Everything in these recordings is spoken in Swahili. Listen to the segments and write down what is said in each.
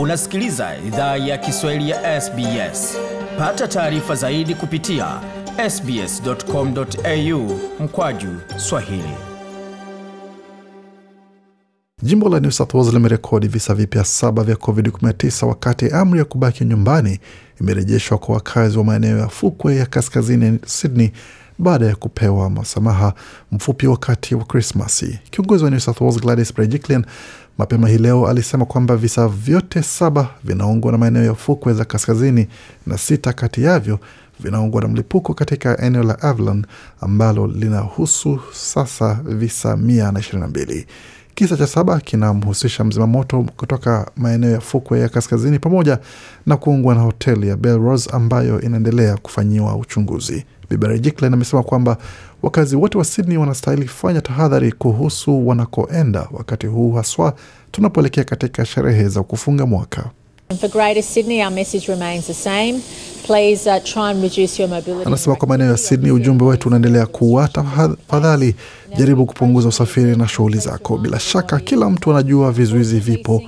Unasikiliza idhaa ya Kiswahili ya SBS. Pata taarifa zaidi kupitia sbs.com.au mkwaju swahili. Jimbo la New South Wales limerekodi visa vipya saba vya COVID-19 wakati amri ya kubaki nyumbani imerejeshwa kwa wakazi wa maeneo ya fukwe ya kaskazini Sydney baada ya kupewa msamaha mfupi wakati wa Krismasi. Kiongozi wa New South Wales Gladys Berejiklian mapema hii leo alisema kwamba visa vyote saba vinaungwa na maeneo ya fukwe za kaskazini na sita kati yavyo vinaungwa na mlipuko katika eneo la Avalon ambalo linahusu sasa visa mia na ishirini na mbili. Kisa cha saba kinamhusisha mzima moto kutoka maeneo ya fukwe ya kaskazini pamoja na kuungwa na hoteli ya Belrose ambayo inaendelea kufanyiwa uchunguzi. Bibi amesema kwamba wakazi wote wa Sydney wanastahili fanya tahadhari kuhusu wanakoenda wakati huu, haswa tunapoelekea katika sherehe za kufunga mwaka. Uh, Anasema kwa maeneo ya Sydney, ujumbe wetu unaendelea kuwa tafadhali, jaribu kupunguza usafiri na shughuli zako. Bila shaka, kila mtu anajua vizuizi vipo,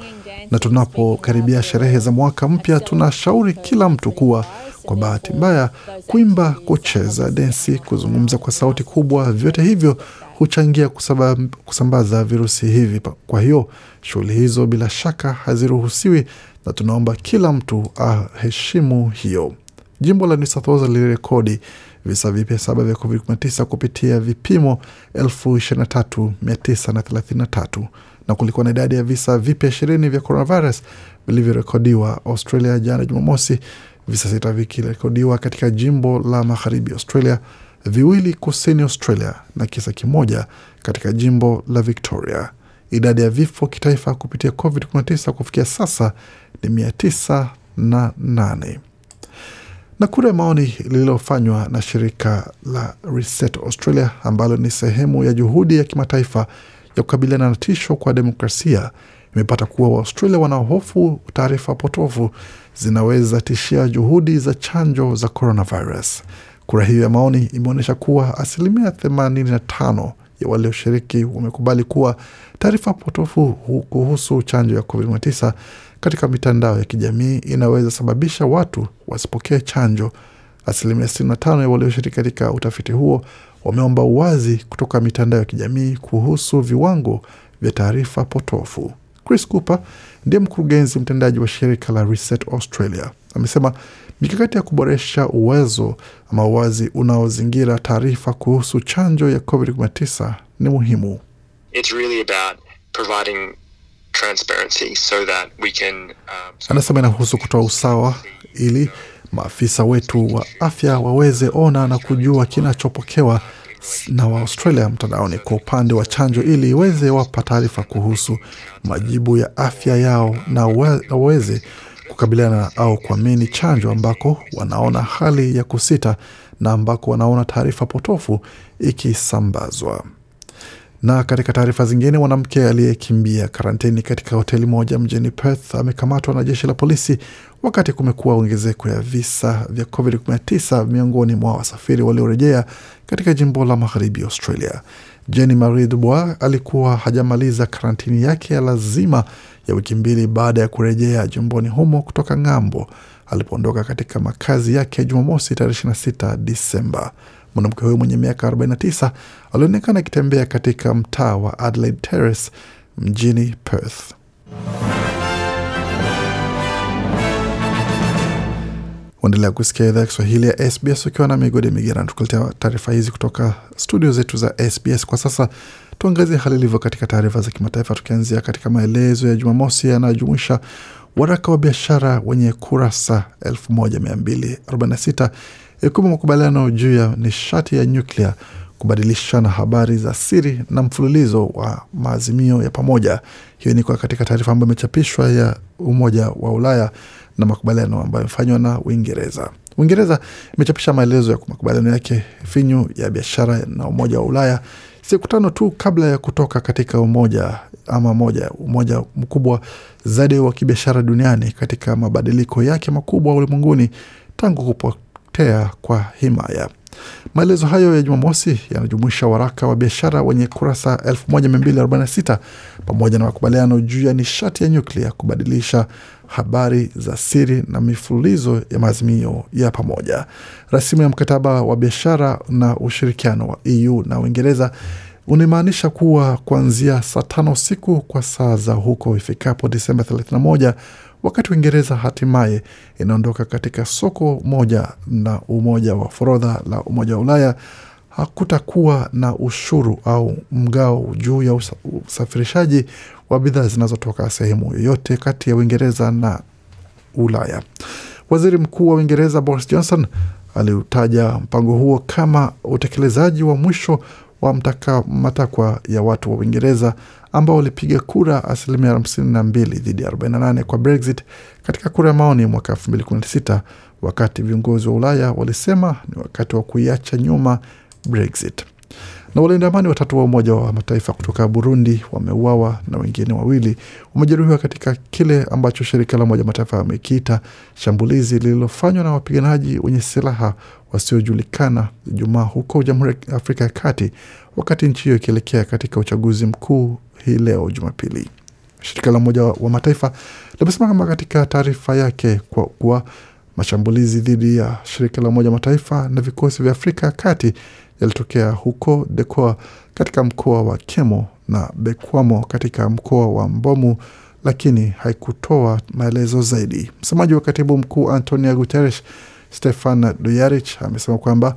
na tunapokaribia sherehe za mwaka mpya, tunashauri kila mtu kuwa kwa bahati mbaya, kuimba, kucheza, densi, kuzungumza kwa sauti kubwa, vyote hivyo huchangia kusambaza virusi hivi. Kwa hiyo shughuli hizo bila shaka haziruhusiwi, na tunaomba kila mtu aheshimu hiyo. Jimbo la New South Wales lilirekodi visa vipya saba vya COVID-19 kupitia vipimo 23933 na kulikuwa na idadi ya visa vipya ishirini vya coronavirus vilivyorekodiwa Australia jana Jumamosi, visa sita vikirekodiwa katika jimbo la magharibi Australia, viwili kusini Australia na kisa kimoja katika jimbo la Victoria. Idadi ya vifo kitaifa kupitia COVID-19 kufikia sasa ni 98 na Na kura ya maoni lililofanywa na shirika la Reset Australia ambalo ni sehemu ya juhudi ya kimataifa ya kukabiliana na tisho kwa demokrasia imepata kuwa Waaustralia wanaohofu taarifa potofu zinaweza tishia juhudi za chanjo za coronavirus. Kura hiyo ya maoni imeonyesha kuwa asilimia 85 ya walioshiriki wamekubali kuwa taarifa potofu kuhusu chanjo ya COVID-19 katika mitandao ya kijamii inaweza sababisha watu wasipokee chanjo. Asilimia 65 ya walioshiriki katika utafiti huo wameomba uwazi kutoka mitandao ya kijamii kuhusu viwango vya taarifa potofu. Chris Cooper ndiye mkurugenzi mtendaji wa shirika la Reset Australia, amesema mikakati ya kuboresha uwezo ama uwazi unaozingira taarifa kuhusu chanjo ya COVID-19 ni muhimu. It's really about providing transparency so that we can, um, anasema inahusu kutoa usawa ili maafisa wetu wa afya waweze ona na kujua kinachopokewa na Waaustralia mtandaoni kwa upande wa chanjo ili iweze wapa taarifa kuhusu majibu ya afya yao na waweze kukabiliana au kuamini chanjo ambako wanaona hali ya kusita na ambako wanaona taarifa potofu ikisambazwa. Na katika taarifa zingine, mwanamke aliyekimbia karantini katika hoteli moja mjini Perth amekamatwa na jeshi la polisi wakati kumekuwa ongezeko ya visa vya COVID-19 miongoni mwa wasafiri waliorejea katika jimbo la magharibi Australia. Jenny Marie Dubois alikuwa hajamaliza karantini yake ya lazima ya wiki mbili baada ya kurejea jimboni humo kutoka ng'ambo alipoondoka katika makazi yake ya Jumamosi tarehe 26 Disemba. Mwanamke huyo mwenye miaka 49 alionekana akitembea katika mtaa wa Adelaide Terrace mjini Perth. Uendelea kusikia idhaa ya Kiswahili ya SBS ukiwa na migodi migerani, tukuletea taarifa hizi kutoka studio zetu za SBS. Kwa sasa tuangazie hali ilivyo katika taarifa za kimataifa, tukianzia katika maelezo ya Jumamosi yanayojumuisha waraka wa biashara wenye kurasa 1246 yakiwemo makubaliano juu ya nishati ya nyuklia, kubadilishana habari za siri na mfululizo wa maazimio ya pamoja. Hiyo ni kwa katika taarifa ambayo imechapishwa ya Umoja wa Ulaya na makubaliano ambayo imefanywa na Uingereza. Uingereza imechapisha maelezo ya makubaliano yake finyu ya biashara na Umoja wa Ulaya siku tano tu kabla ya kutoka katika umoja ama moja umoja mkubwa zaidi wa kibiashara duniani katika mabadiliko yake makubwa ulimwenguni tangu kupo kupotea kwa himaya. Maelezo hayo ya Jumamosi yanajumuisha waraka wa biashara wenye kurasa 1246 pamoja na makubaliano juu ya nishati ya nyuklia, kubadilisha habari za siri na mifululizo ya maazimio ya pamoja. Rasimu ya mkataba wa biashara na ushirikiano wa EU na Uingereza unamaanisha kuwa kuanzia saa tano usiku kwa saa za huko ifikapo Disemba 31 wakati Uingereza hatimaye inaondoka katika soko moja na umoja wa forodha la Umoja wa Ulaya, hakutakuwa na ushuru au mgao juu ya usafirishaji wa bidhaa zinazotoka sehemu yoyote kati ya Uingereza na Ulaya. Waziri Mkuu wa Uingereza Boris Johnson aliutaja mpango huo kama utekelezaji wa mwisho wa mtaka, matakwa ya watu wa Uingereza ambao walipiga kura asilimia 52 dhidi ya 48 kwa Brexit katika kura ya maoni mwaka 2016, wakati viongozi wa Ulaya walisema ni wakati wa kuiacha nyuma Brexit. Na walinda amani watatu wa Umoja wa Mataifa kutoka Burundi wameuawa na wengine wawili wamejeruhiwa katika kile ambacho shirika la Umoja Mataifa amekiita shambulizi lililofanywa na wapiganaji wenye silaha wasiojulikana Ijumaa huko Jamhuri ya Afrika ya Kati, wakati nchi hiyo ikielekea katika uchaguzi mkuu hii leo Jumapili. Shirika la Umoja wa Mataifa limesema kwamba katika taarifa yake kwa kuwa mashambulizi dhidi ya shirika la Umoja Mataifa na vikosi vya Afrika ya Kati yalitokea huko dekoa katika mkoa wa Kemo na Bekwamo katika mkoa wa Mbomu, lakini haikutoa maelezo zaidi. Msemaji wa katibu mkuu Antonio Guterres Stefan Duyarich amesema kwamba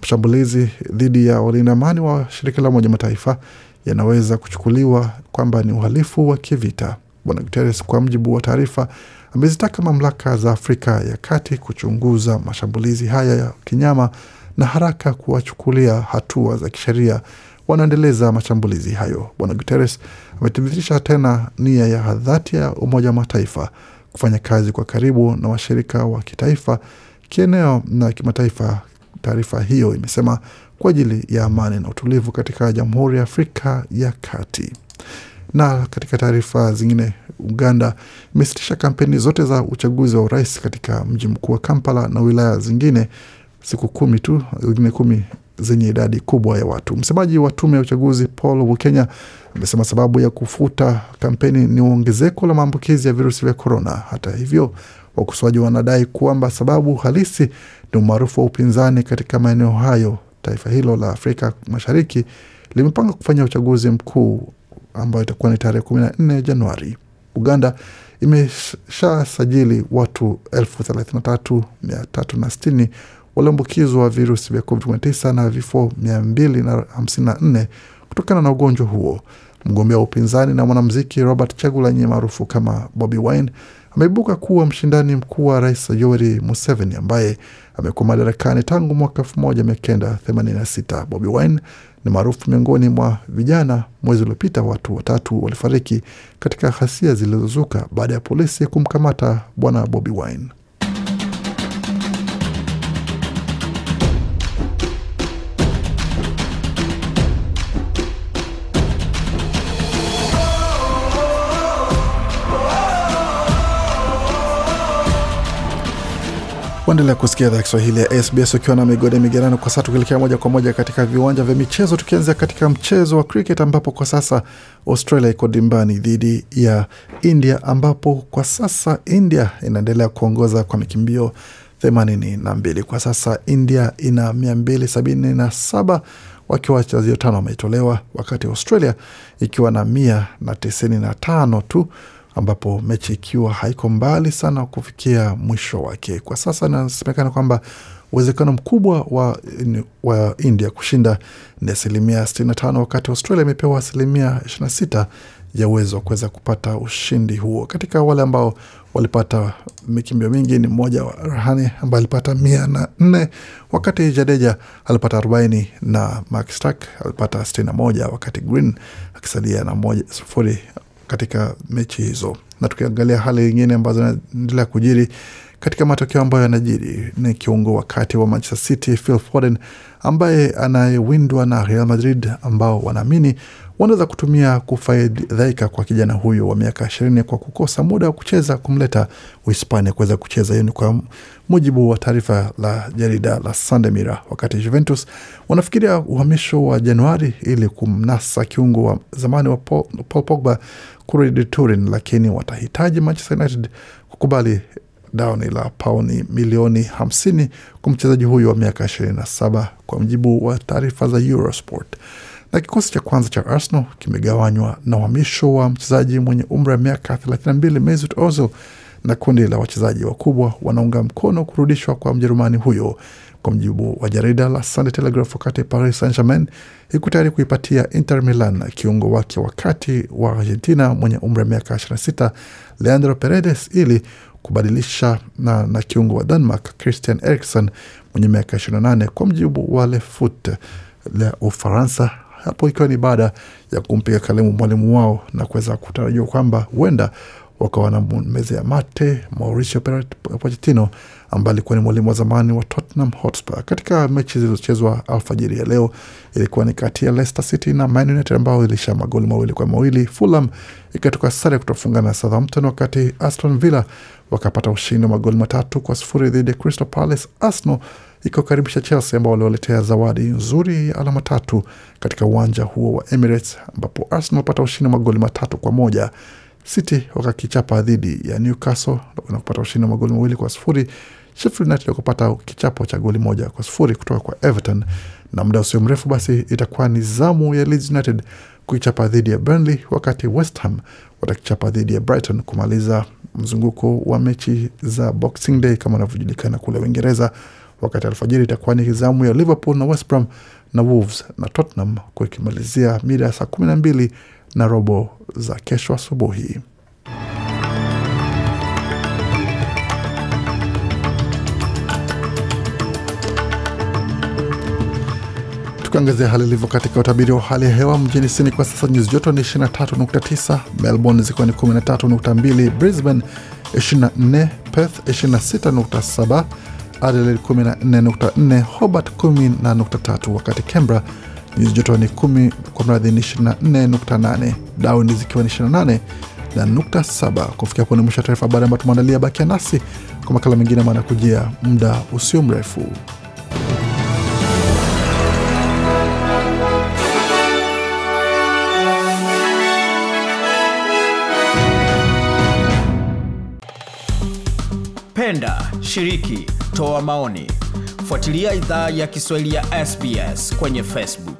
mashambulizi dhidi ya walinda amani wa shirika la Umoja Mataifa yanaweza kuchukuliwa kwamba ni uhalifu wa kivita. Bwana Guterres, kwa mjibu wa taarifa amezitaka mamlaka za Afrika ya Kati kuchunguza mashambulizi haya ya kinyama na haraka kuwachukulia hatua za kisheria wanaendeleza mashambulizi hayo. Bwana Guterres amethibitisha tena nia ya dhati ya Umoja wa Mataifa kufanya kazi kwa karibu na washirika wa kitaifa, kieneo na kimataifa. Taarifa hiyo imesema kwa ajili ya amani na utulivu katika Jamhuri ya Afrika ya Kati. Na katika taarifa zingine Uganda imesitisha kampeni zote za uchaguzi wa urais katika mji mkuu wa Kampala na wilaya zingine siku kumi tu zingine kumi zenye idadi kubwa ya watu. Msemaji wa tume ya uchaguzi Paul Bukenya amesema sababu ya kufuta kampeni ni ongezeko la maambukizi ya virusi vya korona. Hata hivyo, wakosoaji wanadai kwamba sababu halisi ni umaarufu wa upinzani katika maeneo hayo. Taifa hilo la Afrika Mashariki limepanga kufanya uchaguzi mkuu ambayo itakuwa ni tarehe 14 Januari. Uganda imeshasajili watu elfu thelathini na tatu mia tatu na sitini walioambukizwa virusi vya COVID-19 na vifo 254 kutokana na ugonjwa huo. Mgombea wa upinzani na mwanamziki Robert Chagulanyi maarufu kama Bobi Wine ameibuka kuwa mshindani mkuu wa Rais Yoweri Museveni ambaye amekuwa madarakani tangu mwaka 1986. Bobi Wine ni maarufu miongoni mwa vijana. Mwezi uliopita watu watatu walifariki katika ghasia zilizozuka baada ya polisi kumkamata bwana Bobi Wine. Waendelea kusikia idhaa Kiswahili ya SBS ukiwa na migode migerano. Kwa sasa tukielekea moja kwa moja katika viwanja vya michezo, tukianzia katika mchezo wa cricket ambapo kwa sasa Australia iko dimbani dhidi ya India, ambapo kwa sasa India inaendelea kuongoza kwa mikimbio 82 Kwa sasa India ina 277 wakiwa wachezaji watano wametolewa, wakati Australia ikiwa na mia na tisini na tano tu ambapo mechi ikiwa haiko mbali sana kufikia mwisho wake. Kwa sasa inasemekana kwamba uwezekano mkubwa wa, wa India kushinda ni asilimia 65, wakati Australia imepewa asilimia 26 ya uwezo wa kuweza kupata ushindi huo. Katika wale ambao walipata mikimbio mingi ni mmoja wa Rahani ambaye alipata mia na nne wakati Jadeja alipata arobaini na Mark Stark alipata sitini na moja wakati Green akisalia na moja sufuri katika mechi hizo. Na tukiangalia hali nyingine ambazo zinaendelea kujiri katika matokeo ambayo yanajiri ni kiungo wakati wa Manchester City Phil Foden ambaye anayewindwa na Real Madrid ambao wanaamini wanaweza kutumia kufaidhaika kwa kijana huyo wa miaka ishirini kwa kukosa muda wa kucheza kumleta Uhispania kuweza kucheza. Hiyo ni kwa mujibu wa taarifa la jarida la Sunday Mirror. Wakati Juventus wanafikiria uhamisho wa Januari ili kumnasa kiungo wa zamani wa Paul, Paul Pogba kurudi Turin, lakini watahitaji Manchester United kukubali dani la pauni milioni 50 kwa mchezaji huyo wa miaka 27 kwa mujibu wa taarifa za Eurosport na kikosi cha kwanza cha Arsenal kimegawanywa na uhamisho wa mchezaji mwenye umri wa miaka 32 Mesut Ozil na kundi la wachezaji wakubwa wanaunga mkono kurudishwa kwa Mjerumani huyo, kwa mjibu wa jarida la Sunday Telegraph, wakati Paris Saint-Germain iko tayari kuipatia Inter Milan kiungo wake wakati wa Argentina mwenye umri wa miaka 26 Leandro Paredes ili kubadilisha na, na kiungo wa Denmark Christian Eriksen mwenye miaka 28, kwa mjibu wa Le Foot la Ufaransa hapo ikiwa ni baada ya kumpiga kalamu mwalimu wao na kuweza kutarajiwa kwamba huenda wakawa na ya mate Mauricio Pochettino ambaye alikuwa ni mwalimu wa zamani wa Tottenham Hotspur. Katika mechi zilizochezwa alfajiri ya leo, ilikuwa ni kati ya Leicester City na Man United ambao ilisha magoli mawili kwa mawili. Fulham ikatoka sare kutofungana na Southampton, wakati Aston Villa wakapata ushindi wa magoli matatu kwa sufuri dhidi ya Crystal Palace. Arsenal ikiwakaribisha Chelsea ambao waliwaletea zawadi nzuri ya alama tatu katika uwanja huo wa Emirates, ambapo Arsenal wapata ushindi wa magoli matatu kwa moja. City wakakichapa dhidi ya Newcastle na kupata ushindi wa magoli mawili kwa sufuri. Sheffield United wakapata kichapo cha goli moja kwa sufuri kutoka kwa Everton, na muda usio mrefu basi itakuwa ni zamu ya Leeds United kuichapa dhidi ya Burnley, wakati West Ham watakichapa dhidi ya Brighton kumaliza mzunguko wa mechi za Boxing Day kama anavyojulikana kule Uingereza wakati alfajiri itakuwa ni zamu ya Liverpool na West Brom na Wolves na Tottenham kukimalizia mida ya saa kumi na mbili na robo za kesho asubuhi. Tukiangazia hali ilivyo katika utabiri wa hali ya hewa mjini sini kwa sasa nyuzi joto ni 23.9, Melbourne zikiwa ni 13.2, Brisbane 24, Perth 26.7 Adelaide 14.4, Hobart 10.3, wakati Canberra nyuzi joto ni 10 kwa mradhi ni 24.8, Darwin zikiwa ni 28 na nukta 7. Kufikia hapo ni mwisho taarifa habari ambayo tumeandalia. Bakia nasi kwa makala mengine ambayo yanakujia muda usio mrefu. Penda, shiriki kutoa maoni. Fuatilia idhaa ya Kiswahili ya SBS kwenye Facebook.